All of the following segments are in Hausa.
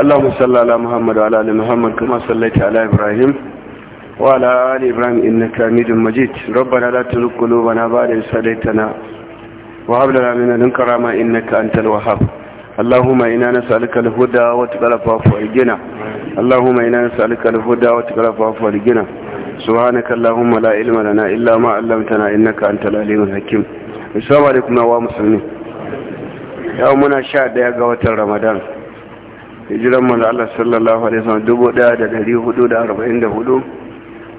اللهم صل على محمد وعلى ال محمد كما صليت على ابراهيم وعلى ال ابراهيم انك حميد مجيد ربنا لا تزغ قلوبنا بعد إذ هديتنا وهب لنا من لدنك رحمه انك انت الوهاب اللهم انا نسالك الهدى وتقى العفو والغنى اللهم انا نسالك الهدى وتقى العفو والغنى سبحانك اللهم لا علم لنا الا ما علمتنا انك انت العليم الحكيم السلام عليكم يا مسلمين يومنا 11 ga watan Ramadan hijiran manzo Allah sallallahu alaihi wasallam dubu daya da dari hudu da arba'in da hudu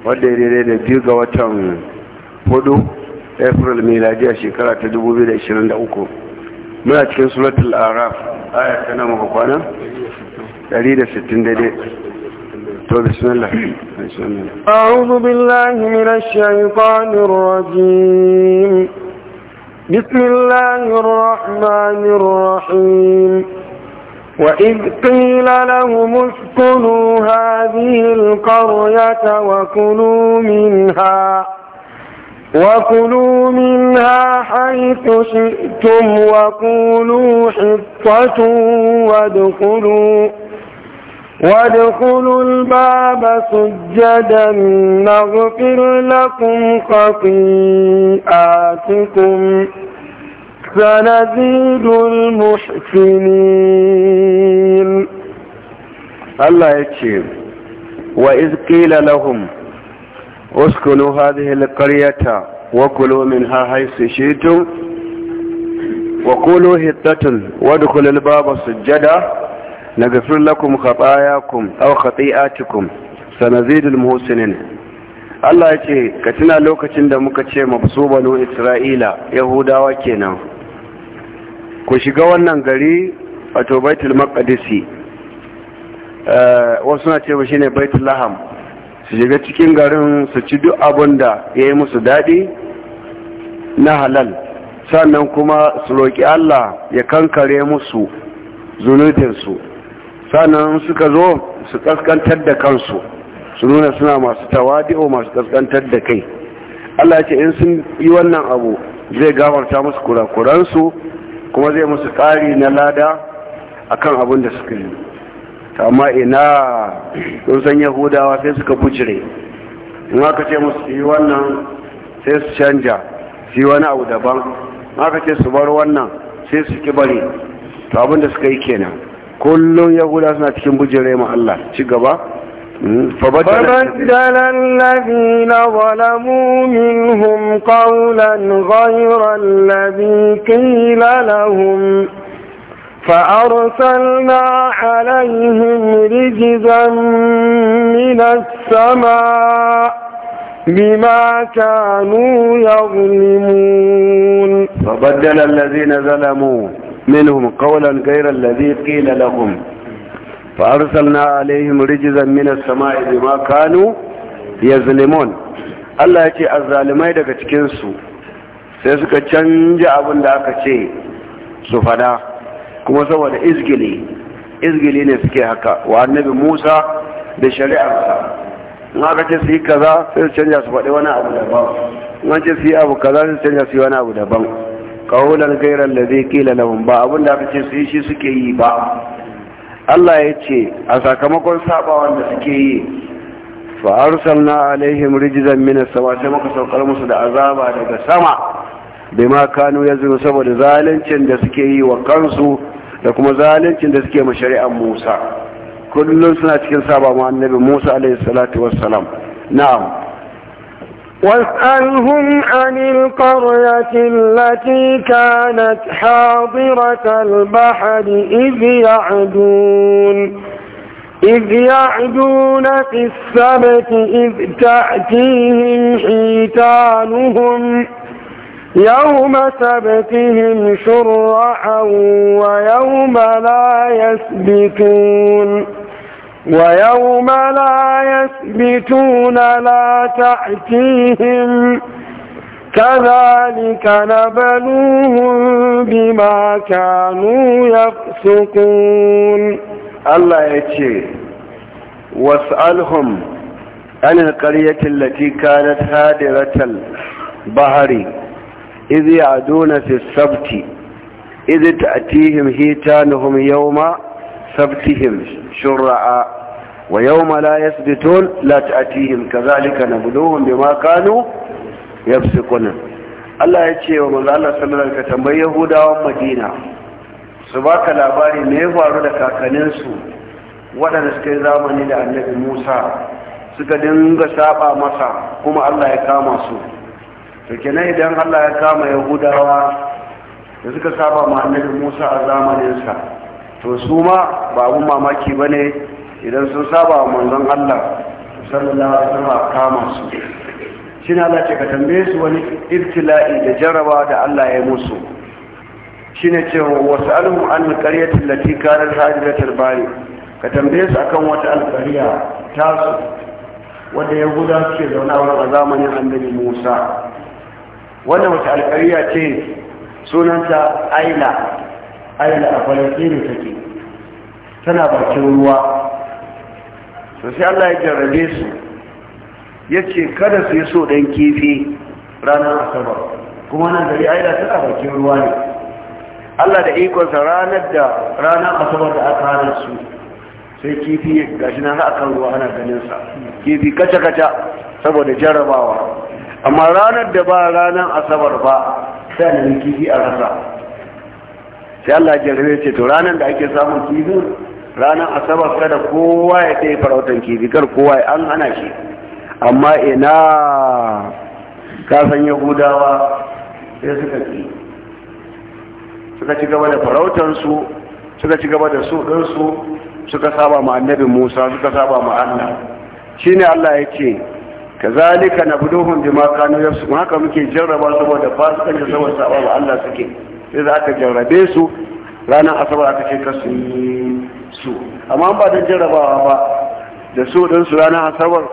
wadda ya daidai da biyu ga watan hudu april miladiya shekara ta dubu biyu da ishirin da uku muna cikin suratul araf aya ta nan muka kwana dari da sittin daidai to bismillah a'udhu billahi minash shaitanir rajim بسم الله الرحمن الرحيم وإذ قيل لهم اسكنوا هذه القرية وكلوا منها وكلوا منها حيث شئتم وقولوا حطة وادخلوا وادخلوا الباب سجدا نغفر لكم خطيئاتكم سنزيد المحسنين الله يكشف وإذ قيل لهم اسكنوا هذه القرية وكلوا منها حيث شئتم وقولوا هتة وادخلوا الباب سجدا نغفر لكم خطاياكم أو خطيئاتكم سنزيد المحسنين Allah ya ce ka tuna lokacin da muka ce mabsu banu Isra'ila Yahudawa kenan ku shiga wannan gari wato baitul maqdisi eh, wasu na ce ba shine baitul laham su shiga cikin garin su ci duk abin da ya yi musu daɗi na halal sannan kuma su roƙi Allah ya kankare musu zunubinsu sannan suka zo su kaskantar da kansu su nuna suna masu tawadi'o masu kaskantar da kai Allah ce in sun yi wannan abu zai gafarta musu kurakuransu kuma zai musu ƙari na lada a kan abin da suka yi amma ina sun san yahudawa sai suka bucire in aka ce musu yi wannan sai su canja su yi wani abu daban in aka ce su bar wannan sai su ki bari to abin da suka yi kenan kullum yahudawa suna cikin bujire ma Allah ci gaba فبدل الذين ظلموا منهم قولا غير الذي قيل لهم فأرسلنا عليهم رجزا من السماء بما كانوا يظلمون فبدل الذين ظلموا منهم قولا غير الذي قيل لهم فأرسلنا عليهم رجزا من السماء بما كانوا يظلمون Allah ya ce دك daga cikinsu sai suka canja abin da aka ce su fada kuma saboda izgili izgili ne suke haka wa annabi Musa da shari'arsa aka ce su yi kaza sai su canja su faɗi wani abu daban in an ce su yi abu kaza sai su canja su abu daban gairar kila ba abin da aka ce su shi suke yi ba Allah ya ce a sakamakon sabawan da suke yi fa arsalna alaihim rijzan minas sama sai muka saukar musu da azaba daga sama ma kanu yazru saboda zalincin da suke yi wa kansu da kuma zaluncin da suke ma shari'ar Musa kullum suna cikin saba annabi Musa alaihi salatu wassalam na'am واسألهم عن القرية التي كانت حاضرة البحر إذ يعدون إذ يعدون في السبت إذ تأتيهم حيتانهم يوم سبتهم شرعا ويوم لا يسبتون ويوم لا يثبتون لا تأتيهم كذلك نبلوهم بما كانوا يفسقون الله يتشي واسألهم عن القرية التي كانت هادرة البحر إذ يعدون في السبت إذ تأتيهم هيتانهم يوم سبتهم شرعا ويوم لا يثبتون لا تأتيهم كذلك نبلوهم بما كانوا يفسقون Allah ya ce wa manzo Allah sallallahu alaihi tambayi Yahudawan Madina su baka labari me ya faru da kakanninsu waɗanda suka yi zamani da Annabi Musa suka dinga saba masa kuma Allah ya kama su to kenan idan Allah ya kama Yahudawa da suka saba ma Annabi Musa a zamaninsa to su ma ba mamaki ba ne idan sun saba wa manzon Allah sallallahu alaihi kama su shi na Allah ce ka tambaye su wani ibtila'i da jaraba da Allah ya musu shi ne ce wasu alhu an karyatin lati kanar hajjatar bari ka tambaye su akan wata ta su. wanda ya guda suke zauna wurin a zamanin annabi musa wannan wata alkariya ce sunanta aila aina a falastinu take tana bakin ruwa to sai Allah ya jarrabe su ya ce kada su yi so ɗan kifi ranar asabar kuma nan gari aina tana bakin ruwa ne Allah da ikonsa ranar da ranar asabar da aka hana su sai kifi gashi na akan ruwa ana ganinsa kifi kaca-kaca saboda jarrabawa amma ranar da ba ranar asabar ba sai da kifi a rasa sai Allah ya rabe ce to ranar da ake samun kifi ranar asabar kada kowa ya tsaye farautan kifi kar kowa an hana shi amma ina kasan yahudawa sai suka ki suka ci gaba da farautansu suka ci gaba da su ɗinsu suka saba ma annabi musa suka saba ma allah shi ne allah ya ce ka zalika na buduhun bi ma kanu yasu haka muke jarraba saboda fasikan da saboda saba ma allah suke sai za ka jarrabe su ranar asabar aka ce kasu su amma ba don jarrabawa ba da su don su ranar asabar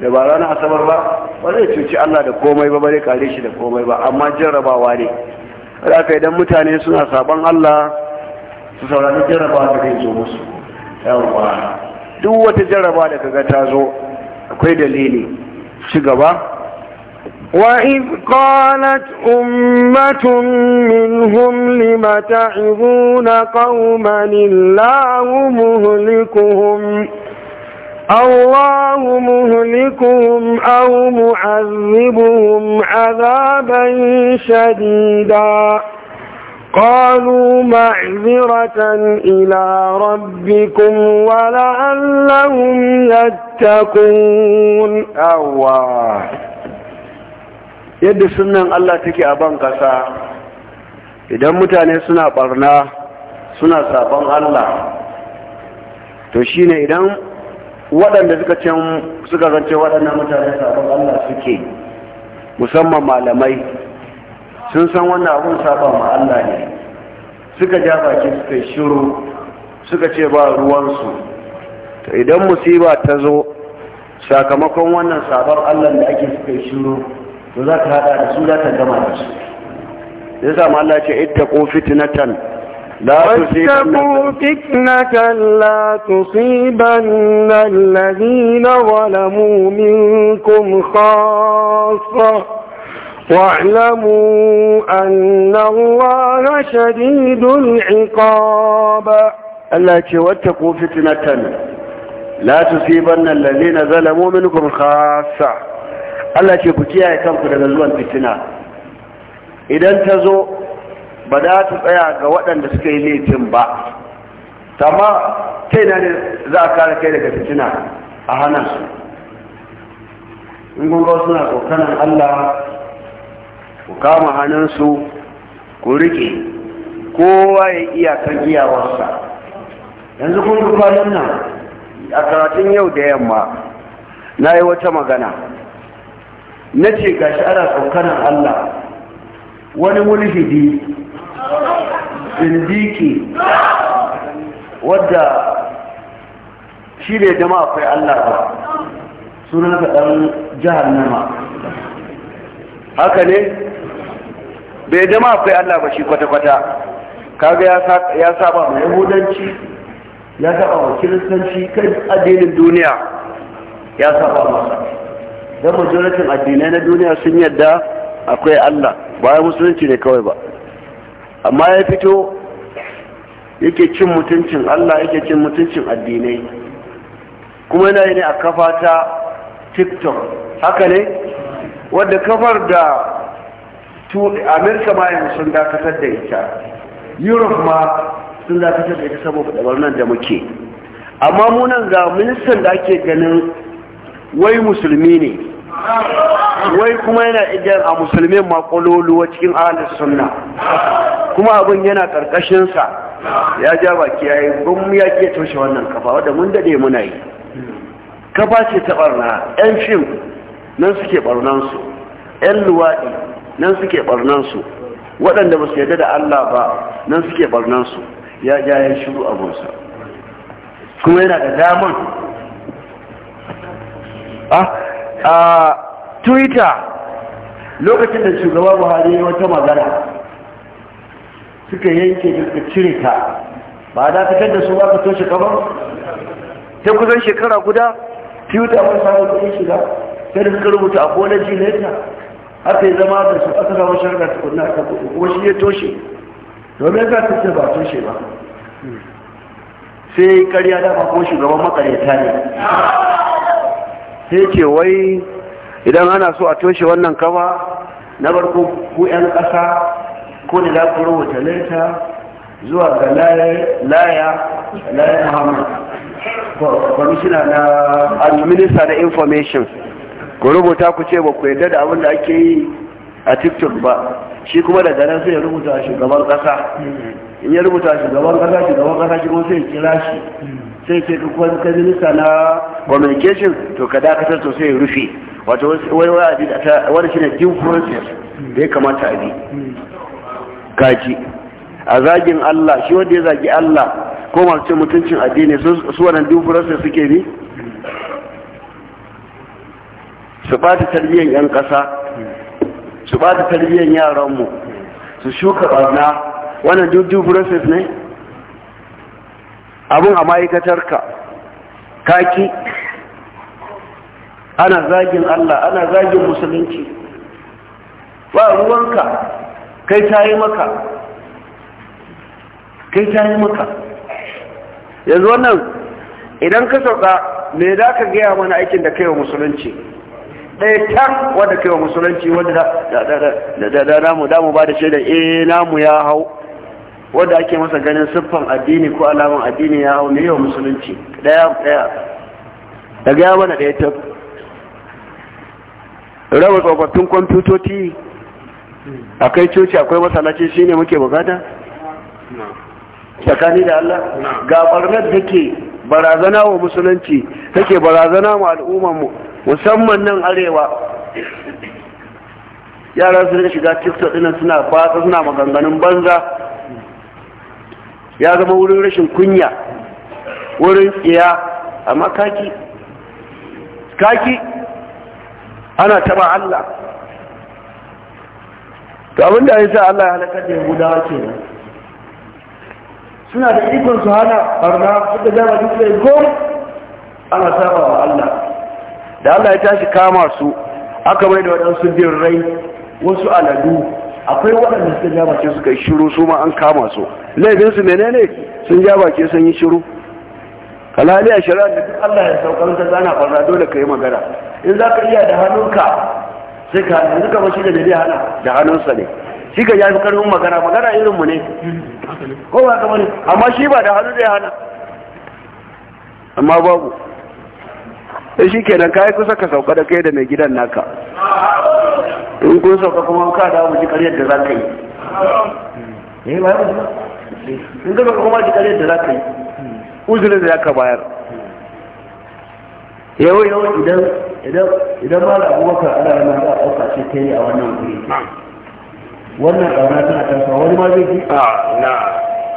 da ba ranar asabar ba ba zai cuci Allah da komai ba bare kare shi da komai ba amma jarrabawa ne da aka idan mutane suna saban Allah su saurari jarrabawa da zai zo musu yawwa duk wata jarraba da kaga ta zo akwai dalili ci gaba وإذ قالت أمة منهم لم تعظون قوما الله مهلكهم الله مهلكهم أو معذبهم عذابا شديدا قالوا معذرة إلى ربكم ولعلهم يتقون أواه yadda sunan Allah take a ban kasa idan mutane suna barna suna sabon Allah to shine idan waɗanda suka ce suka zance waɗannan mutane sabon Allah suke musamman malamai sun san wannan abun saban ma Allah ne suka ja baki suka shiru suka ce ba ruwansu to idan musiba ta zo sakamakon wannan sabon Allah da ake suka shiru to هذا ka haɗa إذا su za اتقوا gama da su فتنة لا تصيبن الذين ظلموا منكم خاصة واعلموا أن الله شديد العقاب التي واتقوا فتنة لا تصيبن الذين ظلموا منكم خاصة Allah ce ku kiyaye kanku daga zuwan fitina idan ta zo ba za ta tsaya ga waɗanda suka yi laifin ba amma kai na ne za a kare kai daga fitina a hana su in gungo suna tsokanan Allah ku kama hannunsu ku riƙe kowa ya iyakan iyawarsa yanzu kun rufa nan a karatun yau da yamma na yi wata magana na ce gashi ana tsokanar Allah wani mulhidi zindiki wadda shi ne dama akwai Allah ba sunan ka ɗan jahannama haka ne bai dama akwai Allah ba shi kwata-kwata kaga ya saba mai yahudanci ya saba wa kiristanci kan addinin duniya ya saba masa don majoritin addinai na duniya sun yadda akwai allah ba ya musulunci ne kawai ba amma ya fito yake cin mutuncin allah yake cin mutuncin addinai kuma yana yi ne a kafa ta tiktok haka ne wadda kafar da Amurka ma yanzu sun dakatar da ita europe ma sun dakatar da ita saboda nan da muke amma munan ga ministan da ake ganin wai musulmi ne wai kuma yana igiyar a musulmi makololuwa cikin ahalar sunna kuma abin yana karkashinsa ya ja baki ya yi gum ya ke toshe wannan kafa wadda mun dade muna yi kafa ce ta barna yan fim nan suke barnansu yan luwaɗi nan suke barnansu waɗanda ba su yarda da allah ba nan suke barnansu ya ja ya shiru abunsa kuma yana da damar ah? a twitter lokacin da shugaba buhari ya wata magana suka yanke suka cire ta ba da fitar da su ba ka toshe kamar ta kusan shekara guda twitter mai samu kudin shiga sai da suka rubuta a kolaji leta haka yi zama da su aka zama shirka tukunna aka kuma shi ya toshe domin za ta ce ba toshe ba sai karya dama ko shugaban makaryata ne sai ce wai idan ana so a toshe wannan kama na barko ku 'yan ƙasa ko da za ku rubuta laita zuwa ga laya laya muhammad kwamishina na administer na information ku rubuta ku ce ba ku yadda da abin da ake yi a tiktok ba shi kuma daga nan sai ya rubuta shugaban ƙasa in ya rubuta shugaban ƙasa shugaban ƙasa shi kuma sai ya kira shi sai ce duk wani ka minista na communication to ka dakatar to sai rufe wato wani wa'adi da wani shi ne due process da ya kamata a bi kaji a zagin Allah shi wanda ya zagi Allah ko masu cin mutuncin addini su wannan Jim Francis suke bi su ɓata tarbiyyar 'yan ƙasa su ɓata tarbiyyar yaranmu su shuka ɓarna wannan Jim Francis ne abin a ma'aikatarka kaki ana zagin Allah ana zagin musulunci ba ruwanka kai ta yi maka kai ta yi maka yanzu wannan idan ka sauka me za ka gaya mana aikin da kai wa musulunci ɗaya ta wadda kai wa musulunci wadda da damu ba da shaidan eh namu ya hau wanda ake masa ganin siffan addini ko alaman addini ya hau ne yau musulunci daya daya daga ya mana daya ta raba tsofaffin kwamfutoci kai coci akwai masalaci ne muke bukata tsakani da Allah ga barnar ke barazana wa musulunci ke barazana wa al'ummarmu musamman nan arewa yara su rika shiga tiktok dinan suna fata suna maganganun banza ya zama wurin rashin kunya wurin tsiya amma kaki kaki ana taba Allah to abinda ya sa Allah ya halakar da yahudawa kenan suna da ikon su hana barna suka dama duk da gom ana saba wa Allah da Allah ya tashi kama su aka mai da waɗansu rai wasu aladu akwai waɗanda suka ja baki suka yi shiru su ma an kama su laifin su menene sun ja baki sun yi shiru kalali a shari'a da duk Allah ya saukar ta zana farra dole ka yi magana in za ka iya da hannunka sai ka yanzu kamar shi da dare hana da hannunsa ne shi ka ya fi karfin magana magana irinmu ne ko ba kamar amma shi ba da hannu zai hana amma babu sai eh, shi kenan kayi kusa ka sauka da kai da mai gidan naka in kun sauka kuma ka da mu ji karyar da za ka yi ba in ka sauka kuma ji karyar da za ka yi uzurin da ya ka bayar yau yau idan idan ba ma da abubakar ana yana za a ɗauka ce ta yi a wannan wuri wannan ƙauna tana tasowa wani ma zai ji a ah, na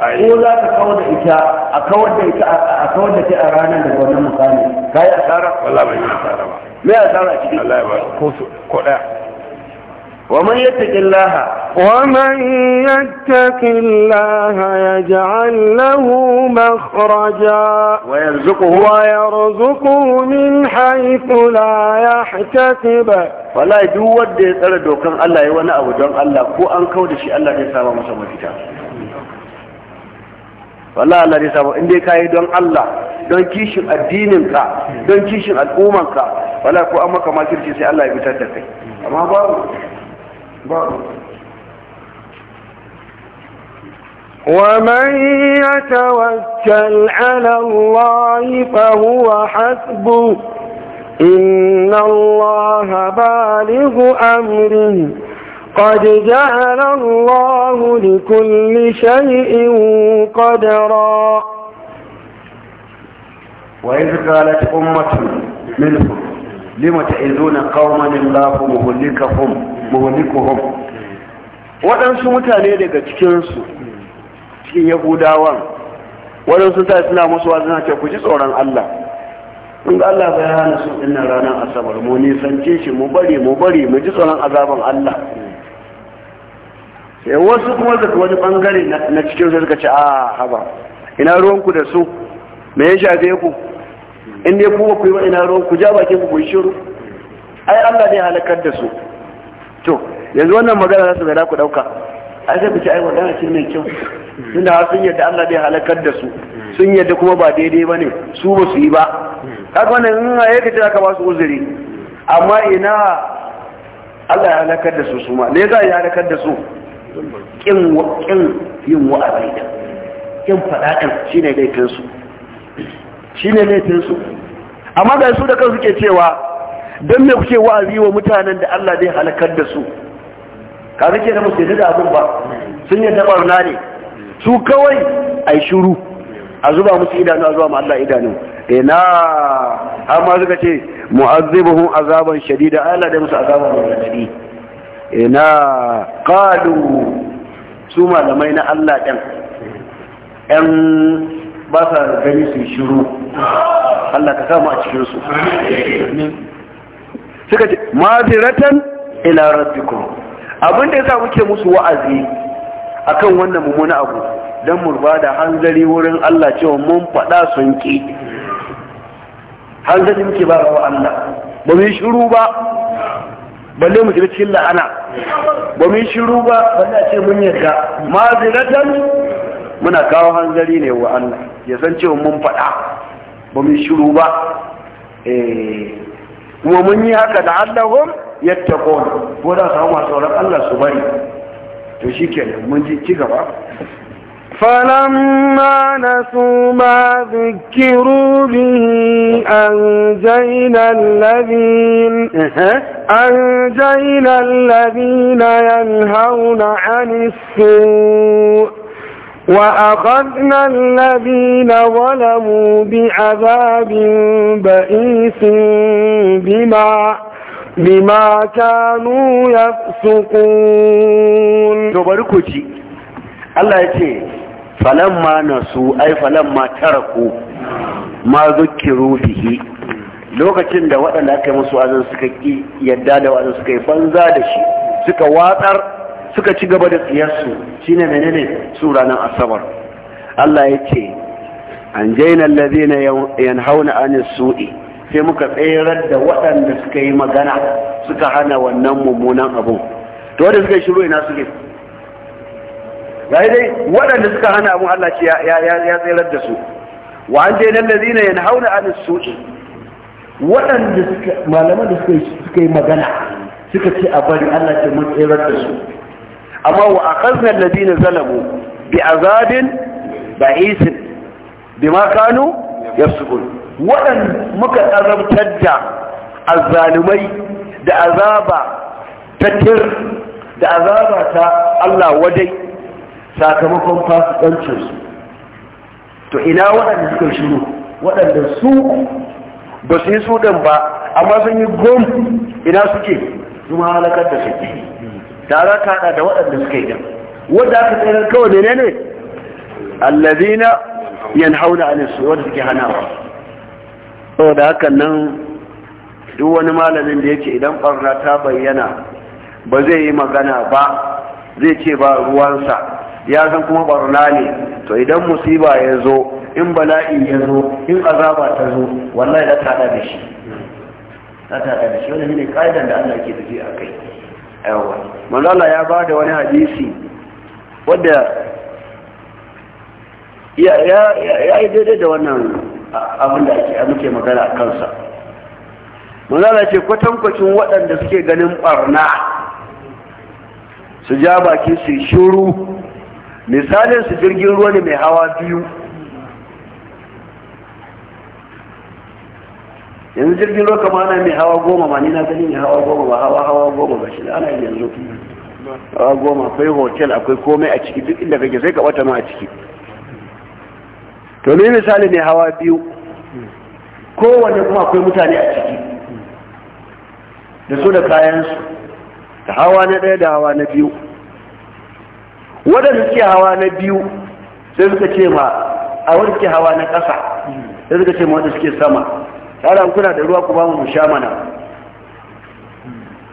ko za ka kawar da ita a kawar da ita a kawar da ta a ranar da wannan misali ka yi asara wallahi ban yi asara ba me asara ciki wallahi ba ko ko daya ومن يتق الله ومن يتق الله يجعل له مخرجا ويرزقه ويرزقه من حيث لا يحتسب ولا يدود يسأل دوكان الله يوانا أو دون الله كو أنكو دشي الله يسامى مسامى كتاب wallahi Allah zai samu in dai kayi don Allah don kishin addinin ka don kishin al'umman ka wallahi ko an maka makirci sai Allah ya fitar da kai amma babu babu ومن يتوكل على الله فهو حسبه إن الله بالغ أمره قد جعل الله لكل شيء قدرا وإذ قالت أمة منهم لم تعذون قوما الله مهلكهم مهلكهم وأن سمت daga تكنس في yahudawan waɗansu ta suna musu wazina ce ku ji in ga Allah bai hana su ɗinnan ranar asabar mu nisance shi mu bari mu bari mu ji tsoron azaban Allah sai eh, wasu kuma daga wani bangare na cikin sai suka ce a ah, haba ina ruwanku da su me ya shafe ku in dai kuma ku yi wa ina ruwanku ja bakin ku yi shiru ai Allah ne halakar da su to yanzu wannan magana za su ga ku dauka ai sai ku ce ai wadana ce mai kyau da sun yadda Allah ne halakar da su sun yadda kuma ba daidai ne su ba su yi ba haka wannan in ai kace aka ba su uzuri amma ina Allah ya halakar da su su ma ne za a yi halakar da su ƙin yin wa'azi da ƙin faɗaɗin shi ne laifinsu shi ne laifinsu amma ga su da kan suke cewa don me kuke wa'azi wa mutanen da Allah zai halakar da su ka ke da musu da abin ba sun yadda barna ne su kawai a yi shuru a zuba musu idanu a zuwa ma Allah idanu ina amma suka ce mu'azzibuhum azaban shadida Allah da musu azaban shadida ina qalu su malamai na Allah ɗan ɗan ba sa gani su shiru Allah ka samu a cikinsu suka ce maziratan ila rabbikum abinda ya sa muke musu wa'azi akan wannan mummuna abu don murba da hanzari wurin Allah cewa mun faɗa sun ƙi hanzari muke ba wa Allah ba mu yi shiru ba balle mu shiga cikin la'ana ba mu yi shiru ba balle a ce mun yarda mazinatan muna kawo hanzari ne wa Allah ya san cewa mun faɗa ba mu yi shiru ba eh, kuma mun yi haka da Allahum yattaqun ko da su masu tsoron Allah su bari to shikenan mun ji ci gaba فلما نسوا ما ذكروا به أنجينا الذين أنجينا الذين ينهون عن السوء وأخذنا الذين ظلموا بعذاب بئيس بما بما كانوا يفسقون. تبارك الله يتيه falamma nasu ai falamma taraku ma zukiru bihi lokacin da waɗanda aka yi musu wa'azin suka ki yadda da wa'azin suka yi banza da shi suka watsar suka ci gaba da tsiyarsu shine menene su ranar asabar Allah ya ce an jaina allazina yanhauna anis su'i sai muka tserar da waɗanda suka yi magana suka hana wannan mummunan abu to da suka shiru ina suke ga dai waɗanda suka hana abun Allah ce ya tsirar da su wa an dai nan lazina yana hauna anis suci waɗanda malaman da suka yi magana suka ce a bari Allah ce mun tsirar da su amma wa da zina zalamu bi azabin ba'isin bima kanu yafsukun waɗanda muka tsarabtar da azzalumai da azaba ta tir da azaba ta Allah wadai sakamakon fasikancinsu to ina waɗanda suka shiru waɗanda su ba su yi sudan ba amma sun yi gom ina suke kuma halakar da suke tara kada da waɗanda suka yi gan wadda aka tsere kawai ne ne allazina yan hauna a nisu wadda suke hanawa da hakan nan duk wani malamin da yake idan ɓarna ta bayyana ba zai yi magana ba zai ce ba ruwansa ya san kuma barna ne to idan musiba ya zo in bala'i ya zo in azaba ta zo wallahi da ta da shi ta ta da shi wani ne ka'idan da Allah ke tafi a kai yawa manzala ya ba da wani hadisi wadda ya yi daidai da wannan abin da ake muke magana a kansa manzala ce kwatankwacin waɗanda suke ganin barna su ja baki su shuru misalin su jirgin ruwa ne mai hawa biyu yanzu jirgin ruwa kama ana mai hawa goma ma ni na gani mai hawa goma ba hawa hawa goma ba shi ana yanzu hawa goma akwai hotel akwai komai a ciki duk inda kake sai ka bata ma a ciki to ne misali mai hawa biyu kowanne kuma akwai mutane a ciki da su da kayansu da hawa na ɗaya da hawa na biyu waɗanda suke hawa na biyu sai suka ce ma a wani suke hawa na ƙasa sai suka ce ma wanda suke sama tsara kuna da ruwa ku ba mu sha mana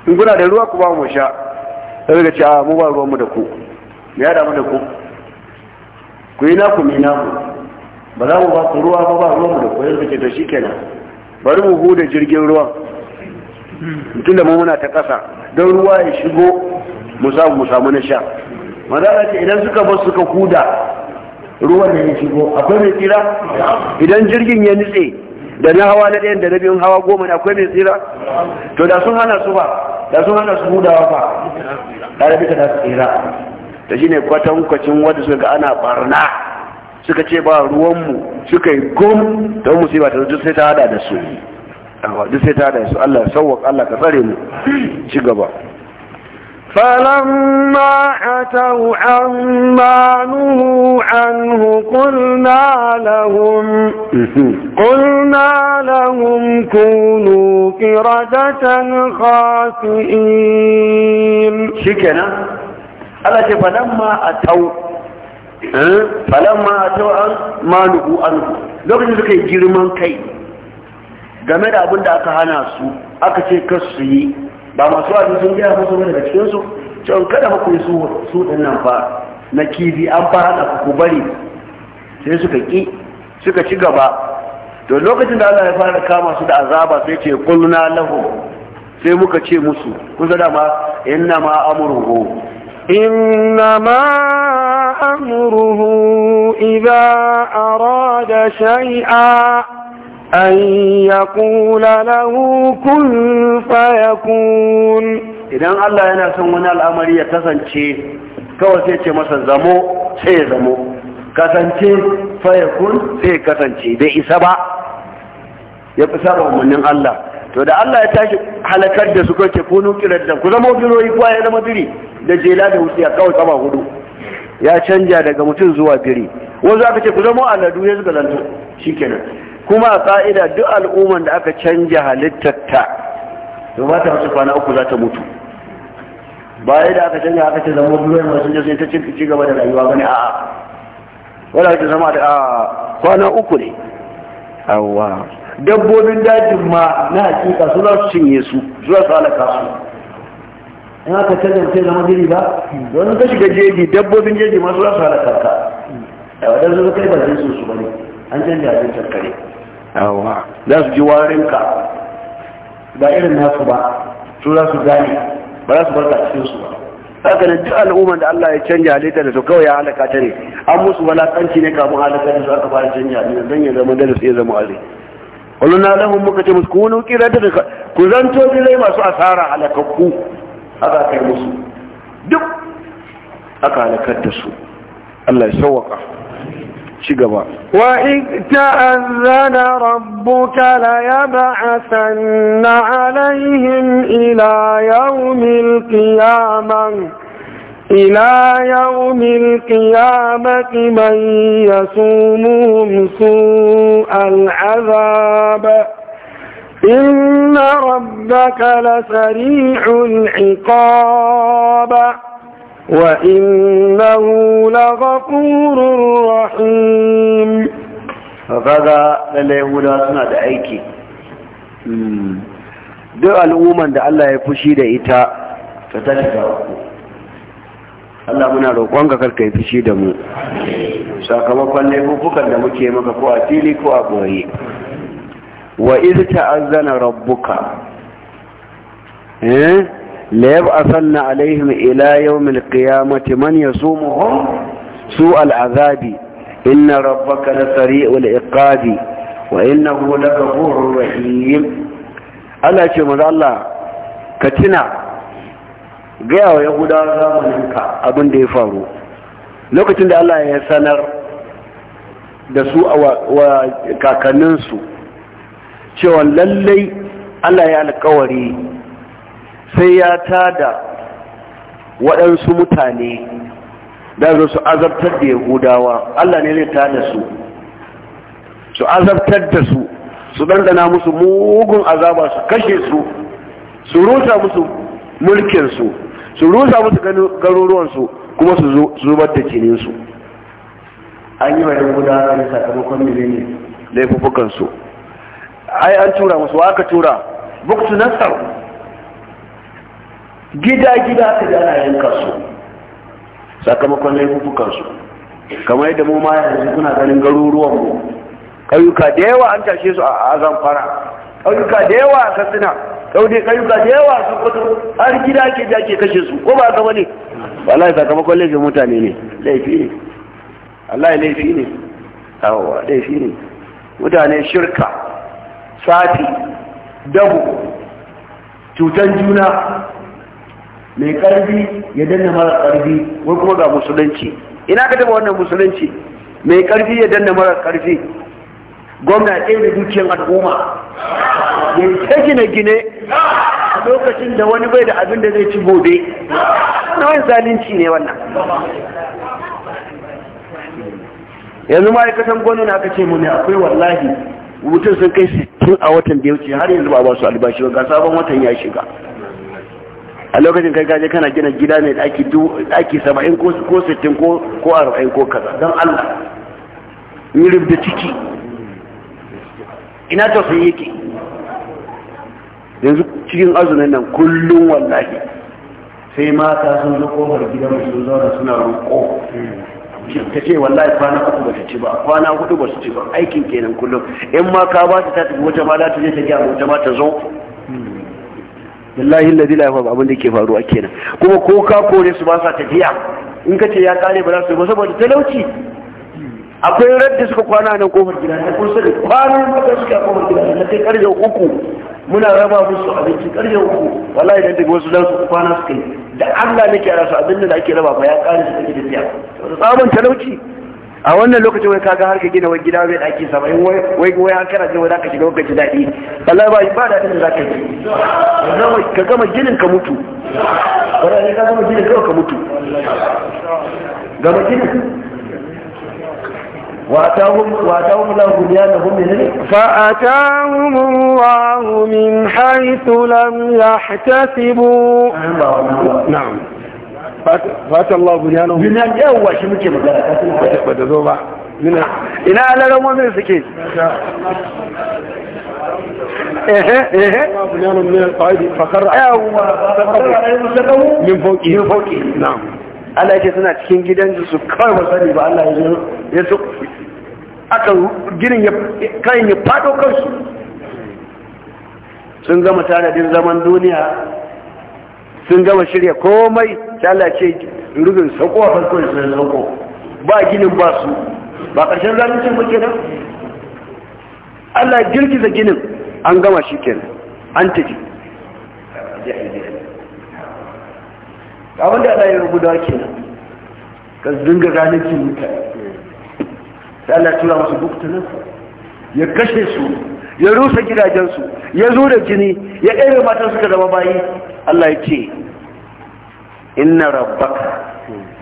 in kuna da ruwa ku ba mu sha sai suka ce a mu ba ruwanmu da ku mu yada mu da ku ku yi naku mai naku ba za mu ba ku ruwa ba ba ruwanmu da ku yanzu ke to shi kenan bari mu huda jirgin ruwan tunda mu muna ta ƙasa don ruwa ya shigo mu samu mu samu na sha mazala ce idan suka bar suka kuda ruwan da ya shigo akwai mai tsira idan jirgin ya nutse da na hawa na ɗayan da na biyun hawa goma akwai mai tsira to da sun hana su ba da sun hana su hudawa ba da rabi da su tsira da shi ne kwacin wadda suka ga ana barna suka ce ba ruwanmu suka yi gom ta musiba ta duk sai ta hada da su duk sai ta hada da su Allah ya Allah ka tsare mu ci gaba فلما أتوا عما نهوا عنه قلنا لهم قلنا لهم كونوا قردة خاسئين شكرا الله فلما أتوا فلما أتوا عما نهوا عنه لكن suka yi girman kai game da abin da aka hana su aka ba masu wa'azi sun gina masu wani daga cikinsu cewa kada ku yi su ɗin nan fa na kifi an fa haɗa ku bari sai suka ƙi suka ci gaba to lokacin da Allah ya fara kama su da azaba sai ce kulna lahu sai muka ce musu kusa da ma inna ma amruhu inna ma amruhu idza arada shay'a An يقول له كن فيكون idan Allah yana son wani al'amari ya kasance kawai sai ce masa zamo sai ya zamo kasance fayakun sai ya kasance bai isa ba ya fi saba umarnin Allah to da Allah ya tashi halakar da su kai ke kunu kirar da ku zama biroyi kuwa ya zama biri da jela da ya kawai kama hudu ya canja daga mutum zuwa biri wanzu aka ce ku zamo aladu ya zuga zanto shikenan kuma a ƙa'ida duk al'umman da aka canja halittarta da ba ta wasu kwana uku za ta mutu yi da aka canja aka ce zama duwai masu jinsu ta ci gaba da rayuwa gani a wadda ake zama da kwana uku ne awa dabbobin dajin ma na hakika su za su cinye su su za su halaka su in aka canja sai zama jiri ba wani ka shiga jeji dabbobin jeji ma su za su halaka ka a zuwa kai ba zai su bane an canja jinsu kare za su ji warinka ba irin nasu ba su za su gane ba za su barka cikin su ba haka nan duk al'ummar da Allah ya canja halitta da su kawai ya halaka ta ne an musu walakanci ne kamun halaka da su aka fara canja ne zan ya zama darasi ya zama azi na lahum muka ce musu kunu qirata ku zanto dai masu asara halakakku haka kai musu duk aka halakar da su Allah ya sauwaka ci gaba wa ta'azzana rabbuka la yab'athanna alaihim ila yawmil qiyamah إلى يوم القيامة من يسومهم سوء العذاب إن ربك لسريع العقاب وإنه لغفور رحيم لله ولا سنة أيكي duk al'umman da Allah ya fushi da ita ta shiga uku Allah muna roƙonka ka yi fushi da mu sakamakon laifukan da muke maka ko a fili ko a ɓoye wa iz ta'azzana rabbuka eh ليبعثن عليهم إلى يوم القيامة من يصومهم سوء العذاب إن ربك لسريع العقاب وإنه لغفور رحيم Allah ce mu Allah ka tuna gaya wa Yahudawa zamaninka abin da ya faru lokacin da Allah ya sanar da su wa cewa lallai Allah ya alkawari sai ya tada waɗansu mutane da zo su azabtar da yahudawa Allah ne zai tada su su azabtar da su su ɗanɗana musu mugun azaba su kashe su su rusa musu mulkinsu su rusa musu garuruwansu kuma su zubar da jininsu an yi wa a ne sakamakon ne laifukansu ai an tura musu wa aka tura buktu nasar gida-gida ka gana yin kasu sakamakon laifukansu kamar yadda mu ma yanzu kuna ganin garuruwan mu ƙauyuka da yawa an tashe su a fara ƙauyuka da yawa a katsina ƙaudi ƙauyuka da yawa su kudu har gida ke da ke kashe su ko ba ka bane wallahi sakamakon laifin mutane ne laifi ne Allah ya laifi ne awa laifi ne mutane shirka sati dabu cutan juna mai karfi ya danna mara karbi wai kuma ga musulunci ina ka taba wannan musulunci mai karfi ya danna mara karfi gwamna ɗaya da dukiyar al'umma ya ta gine-gine a lokacin da wani bai da abin da zai ci gobe na wani zalunci ne wannan yanzu ma'aikatan gwamnati aka ce mu ne akwai wallahi mutum sun kai sittin a watan da ya wuce har yanzu ba ba su albashi ba ga sabon watan ya shiga a lokacin kai gaje kana gina gida mai daki daki 70 ko ko 60 ko ko 40 ko kaza dan Allah ni rubda ciki ina tausayi yake yanzu cikin azumin nan kullum wallahi sai mata sun zo kofar gidan mu sun da suna roƙo ta ce wallahi kwana uku ba su ci ba kwana hudu ba su ci ba aikin kenan kullum in ma ka ba ta ta tafi wata ma za ta je ta gyara wata ma ta zo wallahi alladhi la yafa abin da ke faruwa kenan kuma ko ka kore su ba sa tafiya in ka ce ya kare ba za su yi ba saboda talauci akwai radda suka kwana nan kofar gida na kun da kwanan maka suka kofar gida na kai karfe uku muna raba musu abinci karfe uku wallahi da daga wasu su kwana suka yi da Allah nake rasu abin da ake raba ba ya kare su da tafiya saboda tsaban talauci a wannan lokacin wai kaga har ka gina wai gida wai daki sama in wai wai wai an kana jin wai zaka shiga lokaci dadi wallahi ba ba dadin da zaka yi ka gama ginin ka mutu wallahi ka gama ginin ka mutu gama ginin وأتاهم الله بنيانهم من فأتاهم الله من حيث لم يحتسبوا نعم fata Allah bunyanan zina yawa shi muke magana ba ta zo ba Ina ina alaran wani suke ehe ehe bunyanan min alqaidi fakar yawa min fauki min fauki na'am Allah yake suna cikin gidan su kawai ba sani ba Allah ya so aka ginin ya kai ya fado kansu sun gama tanadin zaman duniya sun gama shirya komai sai Allah ce rubin sako a farko da sanar sako ba ginin ba su ba ƙarshen zalunci muke da? Allah girgiza ginin an gama shi kenan an tafi abin da Allah ya rubuta kenan ka dinga zalunci mutane sai Allah tura musu nan ya kashe su ya rusa gidajensu ya zo da jini ya ɗaya matan suka zama bayi Allah ya ce inna rabbaka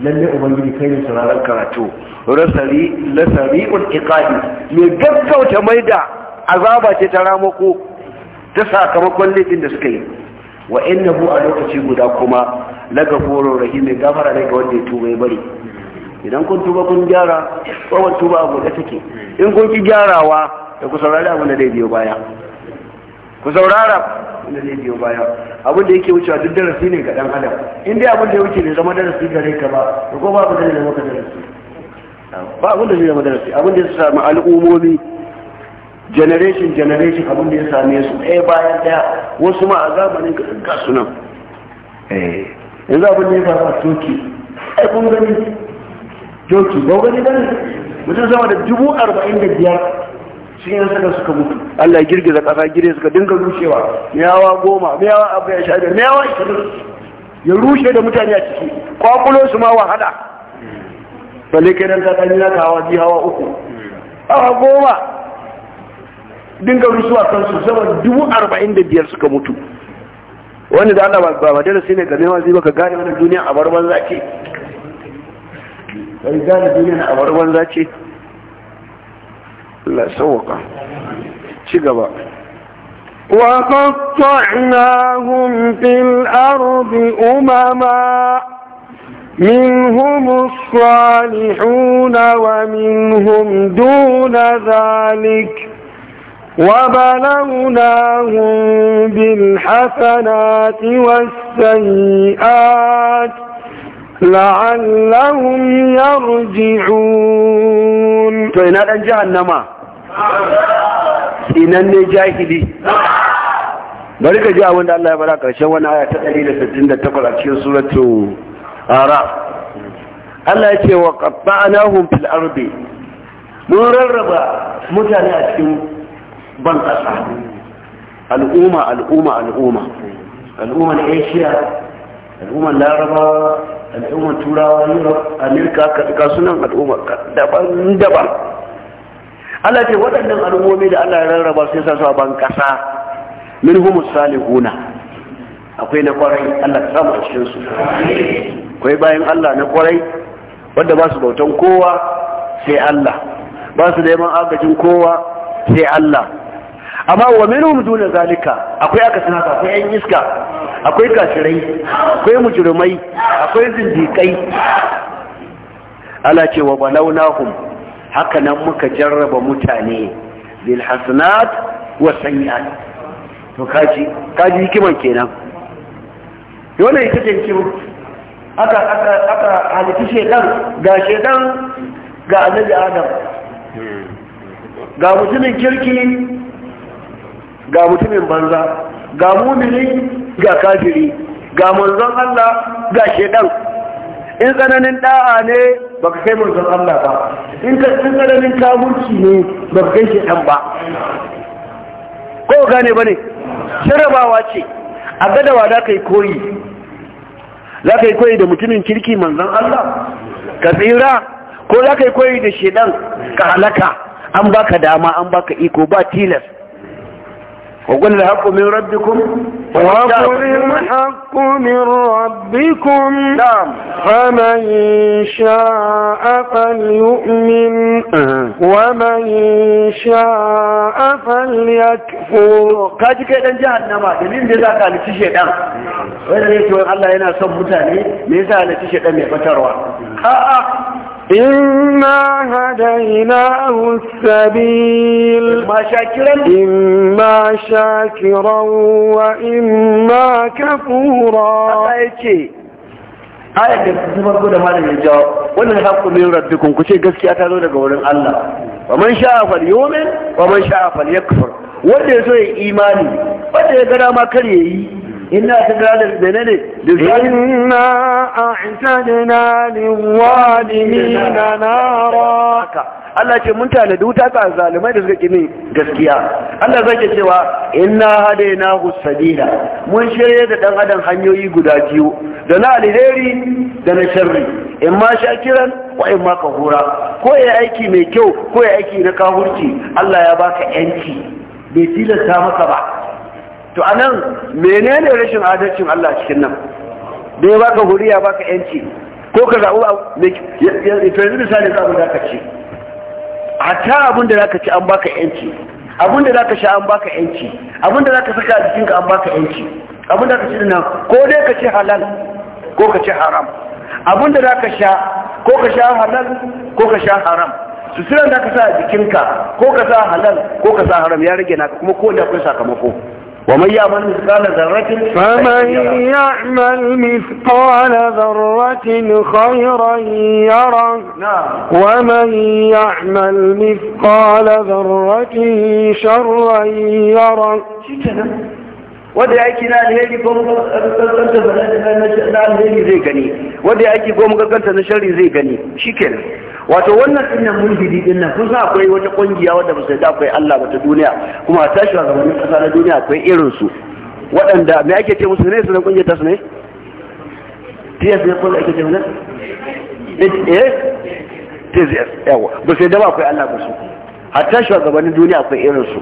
lalle ubangiji kai ne sauraron karatu rasari lasari'ul iqabi mai gaggauta maida azaba ce ta ramako ta sakamakon laifin da suka yi wa innahu a lokaci guda kuma lagafurur rahim gafara ne ga wanda ya tuba ya bari idan kun tuba kun gyara tsawon tuba abu da take in kun ki gyarawa da ku saurari abu da zai biyo baya ku saurara inda zai biyo baya abinda yake wucewa duk darasi ne ga dan adam in dai yake ya wuce ne zama darasi gare ka ba da ko ba abin da zai zama ka darasi ba abin da zai zama darasi abin da ya samu al'umomi generation generation abin da ya same su ɗaya bayan ɗaya wasu ma a zamanin ka tsinka su nan eh, yanzu abin da ya fara a toki ai kun gani toki ba gani ba ne mutum sama da dubu arba'in da biyar cikin yi saka suka mutu Allah ya girgiza ƙasa gire suka dinga rushewa miyawa goma miyawa abu ya shaɗe miyawa ishirin ya rushe da mutane a ciki kwakulo su ma wahala balle kai dan ta na ka hawa biyu hawa uku hawa goma dinga rusuwa kansu sama dubu arba'in da biyar suka mutu wani da Allah ba ba sai ne ga neman zai baka gane wannan duniya a barban zaki kai gane duniya a barban zaki لا سوقه شقبا وقطعناهم في الأرض أمما منهم الصالحون ومنهم دون ذلك وبلوناهم بالحسنات والسيئات لعلهم يرجعون فإن هذا النماء إن النجاهلي بارك جاء وند الله يبارك شو وانا آية تقليل فتن تقول أكي سورة آراء الله يتي وقطعناهم في الأرض من ربا متلات بنقصة الأومة الأومة الأومة الأومة الأشياء al'ummar Laraba, al'ummar turawa europe amerika ka sunan al'ummar daban-daban allah ce waɗannan al'ummomi da allah ya rarraba sai sa su a ban ƙasa min humus salihuna akwai na kwarai allah ta samu a cikinsu akwai bayan allah na kwarai wadda ba su bautan kowa sai allah ba su neman agajin kowa sai allah amma wa minhum duna zalika akwai akasin ta akwai yan iska akwai kafirai akwai mujrimai akwai zindikai ala ce wa balawnahum haka nan muka jarraba mutane bil hasanat wa sayyi'at to kaji kaji hikiman kenan dole ita ce hikiman aka aka aka halitta shedan ga shedan ga annabi adam ga mutumin kirki ga mutumin banza ga mumini ga kafiri ga manzon Allah ga shedan in tsananin da'a ne ba ka kai manzon Allah ba in tsananin kamunci ne ba ka kai shedan ba ko gane ba ne shirabawa ce a gadawa za ka yi koyi za ka yi koyi da mutumin kirki manzon Allah ka tsira ko za ka yi koyi da shedan ka halaka an baka dama an baka iko ba tilas وقل الحق من ربكم وقل الحق من ربكم نعم فمن شاء فليؤمن ومن شاء فليكفر كاجي كده ان جهنم ما آه. دليل ده قال لي شيطان وين يجي الله هنا صب ثاني ميزا لي شيطان يا فتروا اه, آه. إنا هديناه السبيل إما شاكرا إما شاكرا وإما كفورا ayar da su farko da malamin jawo wannan haƙƙu min rabbikum ku ce gaskiya ta zo daga wurin Allah wa man sha'a fal yu'min wa man sha'a fal yakfur wanda ya so ya imani wanda ya ga dama kar ya yi إنا أعتدنا للظالمين نارا Allah ce mun tana duta ka zalimai da suka kimi gaskiya Allah zai ce cewa inna hadaina husabila mun shirye da ɗan adam hanyoyi guda biyu da na alheri da na sharri in ma shakiran wa in ma kahura ko ya aiki mai kyau ko ya aiki na kahurci Allah ya baka yanci bai tilasta maka ba to anan menene rashin adalcin Allah cikin nan da ya baka huriya baka yanci ko ka zaɓi yanzu misali zaɓi za ka ci a ta abin da za ka ci an baka yanci abin da za ka sha an baka yanci abin da za ka saka a jikinka an baka yanci abin da ka ci nan ko dai ka ci halal ko ka ci haram abin da za ka sha ko ka sha halal ko ka sha haram suturan da ka sa a jikinka ko ka sa halal ko ka sa haram ya rage naka kuma ko da akwai sakamako ومن يعمل مثقال ذرة فمن يعمل مثقال ذرة خيرا يره نعم. ومن يعمل مثقال ذرة شرا يره wanda aiki na alheri ko mukakanta na alheri zai gani wanda yake ko mukakanta na shari zai gani shikenan wato wannan din nan mulhidi din nan kun san akwai wata kungiya wadda ba sai da akwai Allah ba ta duniya kuma a tashi shugabannin kasa na duniya akwai irin su waɗanda me ake ce musu ne sunan kungiyar ta su ne TS ne kun ake ce musu eh TS yawa ba sai da akwai Allah ba su hatta shugabannin duniya akwai irin su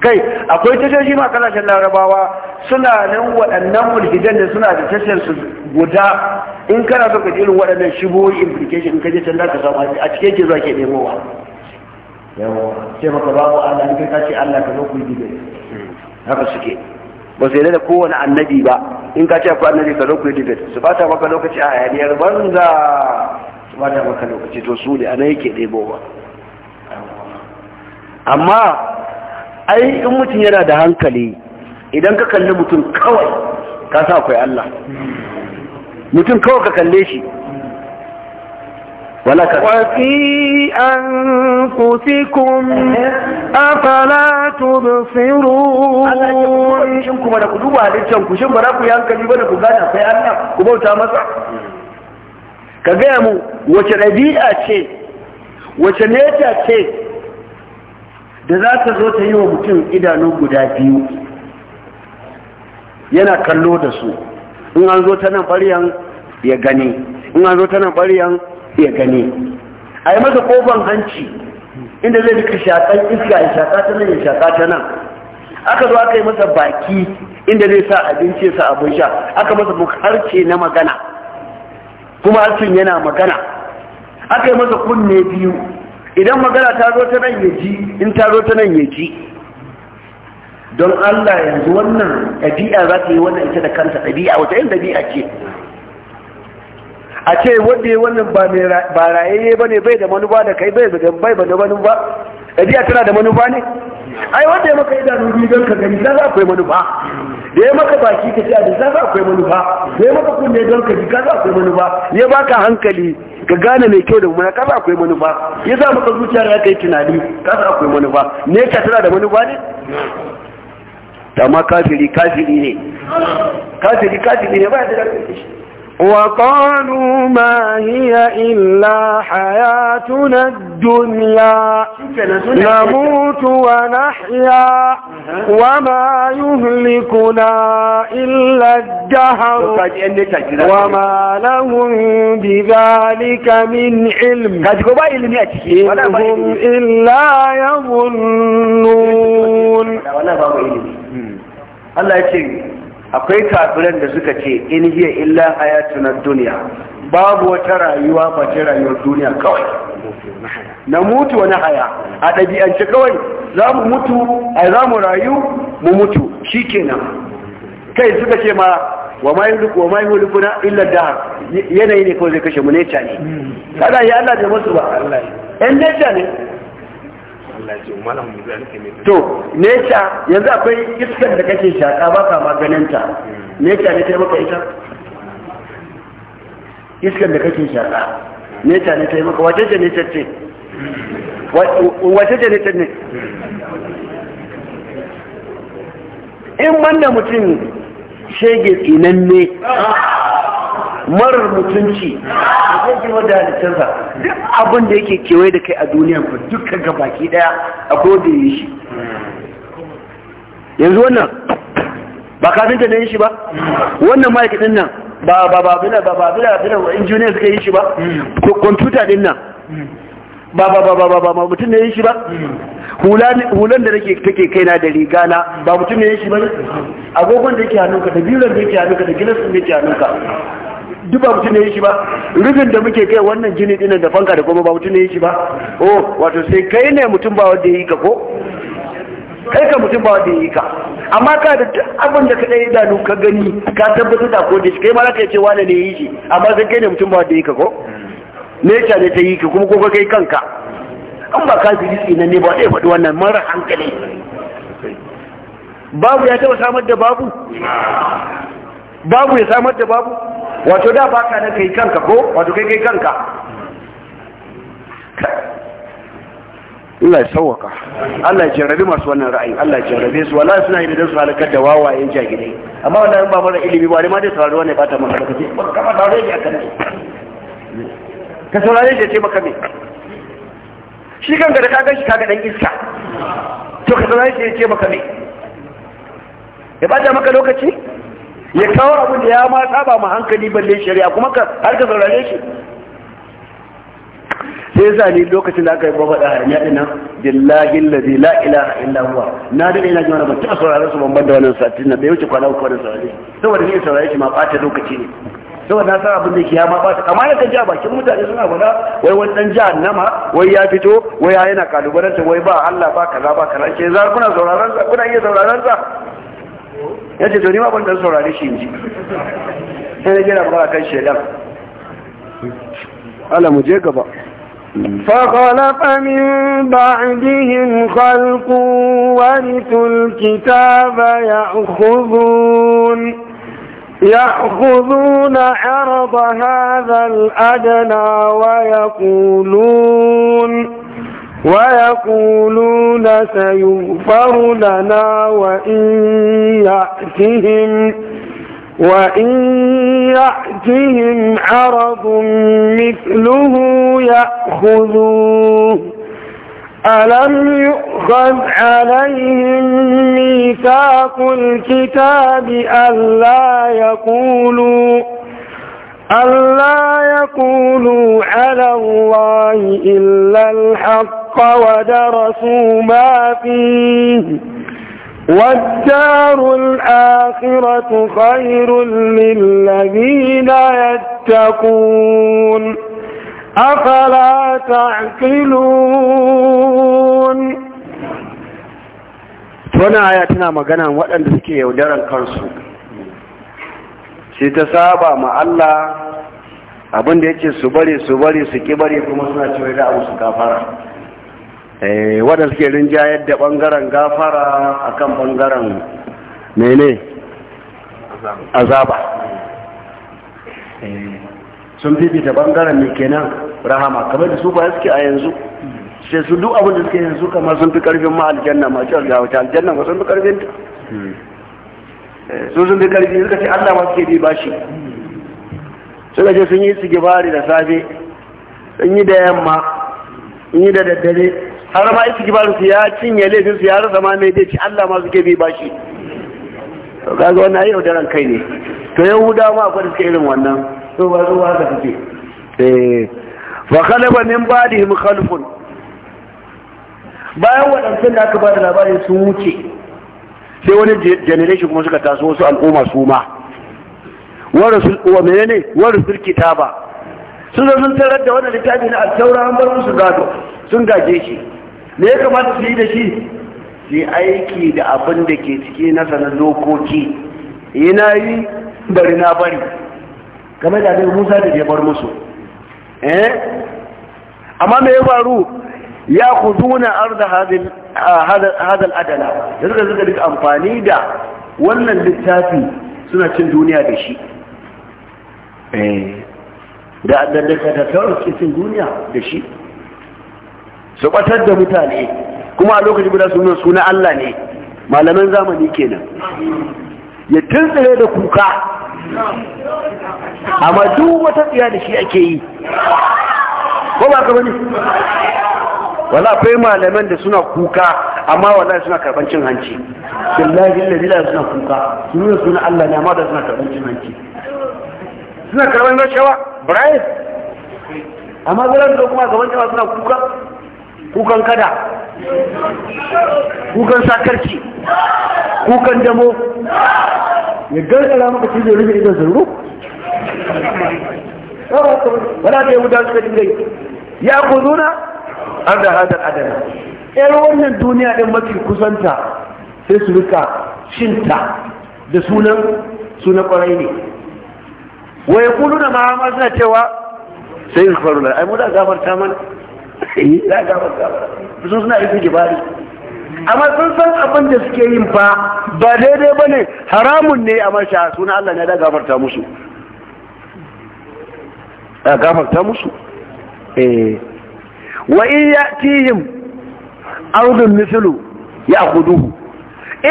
kai akwai tashoshi ma shan larabawa suna nan waɗannan mulkijan da suna da tashar su guda in kana so ka irin waɗannan shigoyi implication in ka je can za ka samu a cikin ke zuwa ke nemowa yawa sai maka babu Allah in kai ka ce Allah ka zo ku yi haka suke ba su yarda da kowane annabi ba in ka ce akwai annabi ka zo ku yi debate su bata maka lokaci a hayaniyar banza su bata maka lokaci to su ne a nan yake ɗebowa amma ai in mutum yana da hankali idan ka kalli mutum kawai ka sa akwai Allah mutum kawai ka kalle shi وفي أنفسكم أفلا تبصرون kuma da ku duba halittar ku shin ba za ku yi hankali ba da ku gane akwai Allah ku bauta masa ka gaya mu wace ɗabi'a ce wace neta ce da za ta zo ta yi wa mutum idanu guda biyu yana kallo da su in an zo ta nan ɓaryan ya gani in an zo ta nan ɓaryan ya gani a yi masa ƙofan hanci inda zai rika shaƙan iska ya shaƙa ta nan ya shaƙa ta nan aka zo aka yi masa baki inda zai sa abinci ya sa abin sha aka masa harce na magana kuma harshen yana magana aka yi masa kunne biyu idan magana ta zo ta nan ya ji in ta zo ta nan ya ji don Allah yanzu wannan ɗabi'a za ta yi wannan ita da kanta ɗabi'a wata yin ɗabi'a ce a ce wanda yi wannan ba rayayye ba ne bai da manuba da kai bai da bai da ba ɗabi'a tana da manuba ne ai wanda ya maka idanu biyu don ka gani za akwai manuba? da ya maka baki ka ci a za akwai manuba? da ya maka kunne don ka ji ka za akwai manufa ya baka hankali ka gane mai kyau da mummuna ka za akwai manuba? ya za maka zuciya ya kai tunani ka za akwai manuba? ne ka tana da manuba ne amma kafiri kafiri ne kafiri kafiri ne ba da وقالوا ما هي إلا حياتنا الدنيا نموت ونحيا وما يهلكنا إلا الدهر وما لهم بذلك من علم إنهم إلا يظنون Allah ya ce akwai kafiran da suka ce in hiya illa hayatun duniya babu wata rayuwa ba ta rayuwar duniya kawai na mutu wani haya a ɗabi'ance kawai za mu mutu a za mu rayu mu mutu shi kenan kai suka ce ma wa ma yuliku wa mai yuliku na illa dahar yanayi ne kawai zai kashe mu ne ne kada ya Allah da masu ba ɗan ne to neca yanzu akwai iskar da kake shaƙa ba ka ta, neca ne maka ita iskar da kake shaƙa neca ne maka wace ce neca ce wace ce neca ne in wanda mutum shege tsinanne marar mutunci da zai ji wa dalitarsa duk abin da yake kewaye da kai a duniyan ba duka ga baki daya a koda yi shi yanzu wannan ba kafinta yi shi ba wannan ma'aikatan nan ba ba ba bila ba ba bila bila wa injiniya suka yi shi ba kwamfuta din nan ba ba ba ba ba ba mutum ne yi shi ba hulan da nake take na da riga na, ba mutum ne yi shi ba agogon da yake hannunka da biyu da yake hannunka da gilasin da yake hannunka duk ba mutum ne yi shi ba rufin da muke kai wannan jini din da fanka da kuma ba mutum ne yi shi ba oh wato sai kai ne mutum ba wanda yi ka ko kai ka mutum ba wanda yi ka amma ka da abin da ka dai idanu ka gani ka tabbatar da ko da shi kai ma ka ce wani ne yi shi amma sai kai ne mutum ba wanda yi ka ko ta ne ta yi ka kuma ko ka kai kanka an ba ka bi na ne ba dai faɗi wannan mara hankali babu ya taɓa samar da babu babu ya samar da babu wato da ba ka da kai kanka ko wato kai kai kanka Allah ya sauwaka Allah ya jarrabe masu wannan ra'ayi Allah ya jarrabe su wallahi suna yin da su halakar da wawaye jagire amma in ba mara ilimi ba ne ma dai saurari wannan ba ta mun da ce ba ka da rage shi akan ka saurare shi ce maka me shi kanka da kaga shi kaga dan iska to ka saurare shi ce maka me ya bata maka lokaci ya kawo abin da ya ma saba ma hankali balle shari'a kuma har ka saurare shi sai za ni lokacin da aka yi babu da ya dina billahi allazi la ilaha illa huwa na da ina jima ban ta saurare su ban banda wannan sati na bai wuce kwana uku wannan saurare saboda ni saurare shi ma bata lokaci ne saboda na san abin da ke ya ma bata amma ya kan a bakin mutane suna gwada wai wani dan annama wai ya fito wai ya yana kalubalanta wai ba Allah ba kaza ba kaza ke za kuna sauraron sa kuna iya sauraron sa ya ce to ni ma ban dan saurare shi inji sai na gina ba kan shedan Allah mu je gaba فخلق من بعدهم خلق ورثوا الكتاب يأخذون يأخذون عرض هذا الأدنى ويقولون ويقولون سيغفر لنا وإن يأتهم وإن يأتهم عرض مثله يأخذوه ألم يؤخذ عليهم ميثاق الكتاب ألا يقولوا ألا يقولوا على الله إلا الحق ودرسوا ما فيه والدار الآخرة خير للذين يتقون أفلا تعقلون tuna ya tana magana waɗanda suke yaudaran kansu sai ta saba ma Allah abinda yake su bari su bari su ki bari kuma suna cewa da abu su gafara eh wanda suke rinjayar da bangaren gafara akan bangaren mene azaba eh, sun fifita bangaren mai kenan rahama kamar da su ba suke a yanzu sai su duk abinda da suke yanzu kamar sun fi karfin ma aljanna ma ce aljanna ma sun fi karfin ta hmm. su sun bi karfi suka ce Allah ma suke bi bashi suka ce sun yi su gibari da safe sun yi da yamma sun yi da daddare har ma iski gibari su ya cinye laifin su ya rasa ma mai dace Allah ma suke bi bashi to kaga wannan ayyau daren kai ne to yahuda ma akwai da suke irin wannan to ba zuwa haka suke eh fa khalafa min ba'dihim khalfun bayan waɗansu da aka ba da labarin sun wuce sai wani generation kuma suka taso wasu al'umma su ma wa menene warisul ba? sun zo sun tarar da wannan littafi na alkaura an bar musu gado sun gaje shi me ya kamata su yi da shi su aiki da abin da ke ciki na sanar dokoki yana yi bari na bari kamar da abin musa da bai bar musu eh amma me ya faru ya kuzuna arda hadal adala da suka suka duk amfani da wannan littafi suna cin duniya da shi da daga suke cin duniya da shi su batar da mutane kuma a lokacin guda sunan suna Allah ne malaman zamani kenan ya tuntsire da kuka amma duk wata tsiya da shi ake yi ko ba ka bane wala akwai malaman da suna kuka amma wala suna karban cin hanci billahi illa billahi suna kuka suna suna Allah ne amma da suna karban cin hanci suna karban rashawa bribe amma zaran da kuma gaban jama'a suna kuka kukan kada kukan sakarci kukan damo ya gargara maka cizo rufe idan zuru wala ta yi wuta suka dinga yi ya kuzuna an da hadar adana yar wannan duniya ɗin mafi kusanta sai su rika shinta da sunan sunan kwarai ne wa ya kudu na ma'amma suna cewa sai yin faru da. aimu da ta mana da gafarta mana eh, sun suna yin su gibari amma sun san abin da suke yin fa ba daidai ba ne haramun ne a masha suna Allah ne da ta musu a ta musu eh wa in yatihim ardun mislu Kudu?